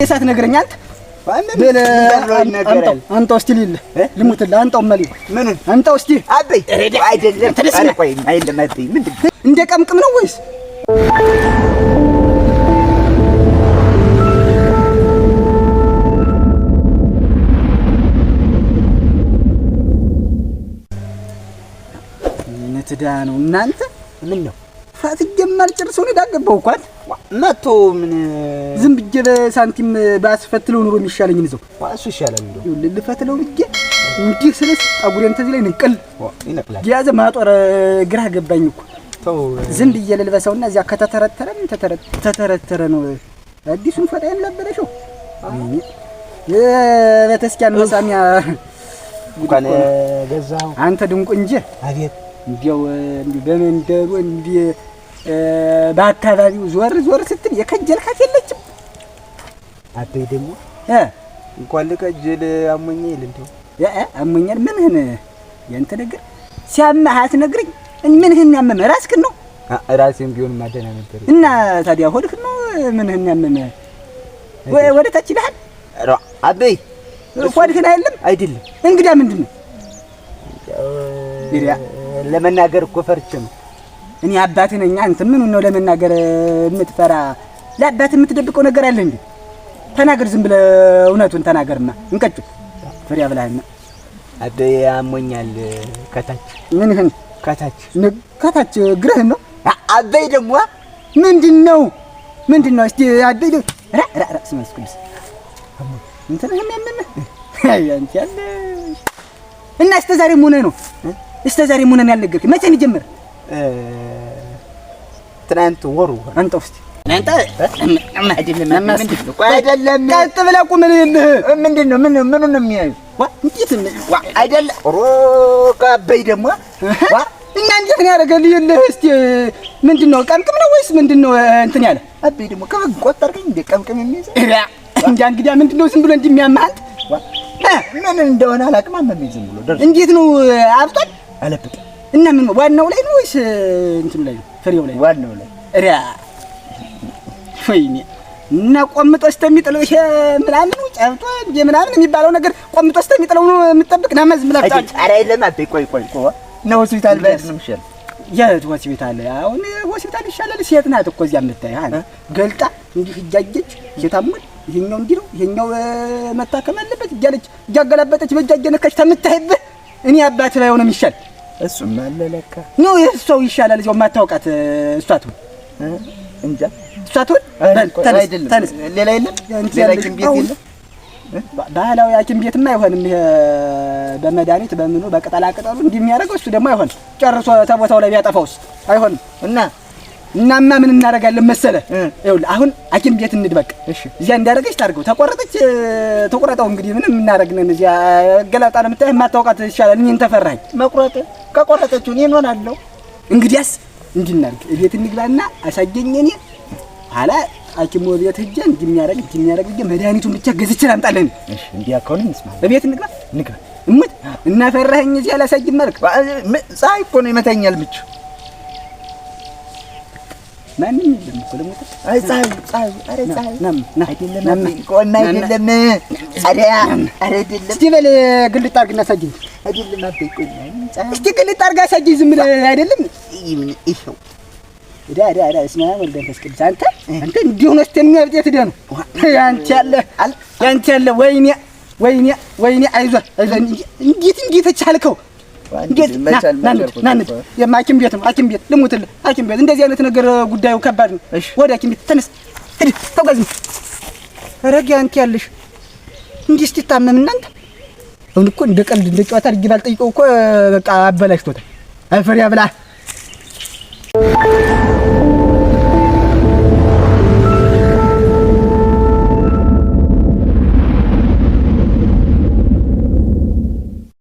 የሳት ነግረኛል አንተ አንተው እስቲ ልሙትልህ አንተው አንተው እስቲ አበይ አይደለም አይደለም እንደ ቀምቅም ነው ወይስ ነትዳ ነው እናንተ ምን ነው ሳትጀምር አልጨርሰው ነው ዳገባው እንኳን መቶ ምን ዝም ብዬ በሳንቲም ባስፈትለው ኑሮ የሚሻለኝ ነው። እሱ ይሻላል እንደው ልፈትለው ብዬ እንዲህ ስለስ ጠጉሬን ተዚህ ላይ ንቅል ያዘ ማጦር ግራ ገባኝ እኮ ዝም ብዬ ልልበሰውና እዚያ ከተተረተረ ምን ተተረተረ ነው አዲሱን ፈጣይም ለበለሽው ቤተክርስቲያን መሳሚያ እንኳን ገዛው አንተ ድንቁ እንጂ አቤት እንዲያው በመንደሩ እንዲህ በአካባቢው ዞር ዞር ስትል የከጀልካት የለችም። አበይ ደግሞ እንኳን ልከጅል አሞኛ ይል እንዲሁ አሞኛል። ምንህን ያንተ ነገር ሲያማህ አትነግረኝ። ምንህን ያመመህ ራስህን ነው? ራሴን ቢሆን ማደና ነበር። እና ታዲያ ሆድህ ነው ምንህን ያመመ ወደ ታች ይልሃል። አበይ ሆድህን አይደለም አይደለም። እንግዲያ ምንድን ነው ለመናገር እኮ ፈርችም እኔ አባት ነኝ። አንተ ምን ነው ለመናገር የምትፈራ? ለአባት የምትደብቀው ነገር አለ እንዴ? ተናገር፣ ዝም ብለህ እውነቱን ተናገርማ። እንቀጭ ፍሬ አብላህና አበይ አሞኛል። ከታች ምን ይሁን? ከታች ከታች እግርህን ነው። አበይ ደግሞ ምንድን ነው ምንድን ነው? እስቲ አደይ ደግሞ ራ ራ ራ ስማስ ቅዱስ እንትን ምን ምን እና እስከ ዛሬ ምን ሆነህ ነው? እስከ ዛሬ መሆነን ያልነገርከኝ መቼ ነው ጀመረ? ትናንት ወሩ አንተ ውስጥ ቀጥ ብለህ ቁም። ምንድን ነው ምኑን ነው የሚያዩ? አይደለ ደግሞ እና እንዴት ነው ያደረገልህ? እስኪ ምንድን ነው ቀምቅም ነው ወይስ ምንድን ነው እንትን ያለ አበይ ደግሞ እንደ ቀምቅም ምንድን ነው ዝም ብሎ እንዲህ ምን እንደሆነ አላውቅም። አመመኝ ዝም ብሎ እንዴት ነው አብጧል አለበጠ እና ምን ዋናው ላይ ነው ወይስ እንትኑ ላይ ነው? ፍሬው ላይ ዋናው ላይ እሪያ ወይኔ እና ቆምጦ ይሄ ምናምን ጨብጦ እንደ ምናምን የሚባለው ነገር ቆምጦ ነው የምጠብቅ ኧረ የለም አቤ ቆይ ቆይ ቆይ ነው ሆስፒታል ላይ ነው ሆስፒታል አሁን ሆስፒታል ይሻላል። ሴት ናት እኮ እዚያ ገልጣ እንዲህ እያየች ይሄኛው ይሄኛው መታከም አለበት እያለች እያገላበጠች ተምታይብህ እኔ አባት ላይ ሆነ የሚሻል እሱም አለ ለካ ነው ሰው ይሻላል። እዚያው የማታውቃት እሷ ትሁን እንጃ፣ እሷ ትሁን አይደለም። ሌላ የለም፣ ሌላ ሐኪም ቤት የለም። ባህላዊ ሐኪም ቤትማ አይሆንም። በመድኃኒት በምኑ በቅጠላ ቅጠሉ እንዲህ የሚያደርገው እሱ ደግሞ አይሆንም። ጨርሶ ተቦታው ላይ ቢያጠፋውስ አይሆንም። እና እናማ ምን እናደርጋለን መሰለህ? ይኸውልህ አሁን ሐኪም ቤት እንሂድ በቃ። እሺ እዚያ እንዳደረገች ታድርገው፣ ተቆረጠች እንግዲህ ምንም እዚያ ነው የምታይ። የማታውቃት ይሻላል። እኔን ተፈራኝ መቁረጥ ከቆረጠችው እኔ እንሆናለሁ። እንግዲያስ እንድናርግ እቤት እንግባና አሳየኝ። እኔ ኋላ ሐኪሙ ቤት ሂጅ እንዲህ የሚያደርግ እንዲህ የሚያደርግ ሂጅ መድኃኒቱን ብቻ ገዝቼ ላምጣለን። እሺ እንዲያ ከሆነ እንስማ። እቤት እንግባ እንግባ። እሙት እናፈራኸኝ እዚህ አላሳይም አልክ። ፀሐይ እኮ ነው ይመታኛል ምቹ ማንም የለም እኮ አይደለም በል ግልጥ አድርግና ሳጅኝ እስቲ ግልጥ አድርጋ ሳጅኝ ዝም አይደለም መንፈስ ቅዱስ አንተ አንተ እንዲሁ ነው እስከሚያብጥ የት ሄደህ ነው ያንቺ ያለ ያንቺ ያለ ወይኔ ወይኔ ወይኔ አይዞህ አይዞህ እንዴት እንዴት ተቻልከው ሐኪም ቤት ነው። ሐኪም ቤት ልሙትልህ። ሐኪም ቤት እንደዚህ አይነት ነገር ጉዳዩ ከባድ ነው። ወደ ሐኪም ቤት ተነስ፣ ሂድ፣ ተጓዝ። ረግ አንተ ያለሽ እንዲህ ስትታመም እናንተ አሁን እኮ እንደ ቀልድ እንደ ጨዋታ አድርጌ ባልጠይቀው እኮ በቃ አበላሽቶታል። አፈሪያ ብላ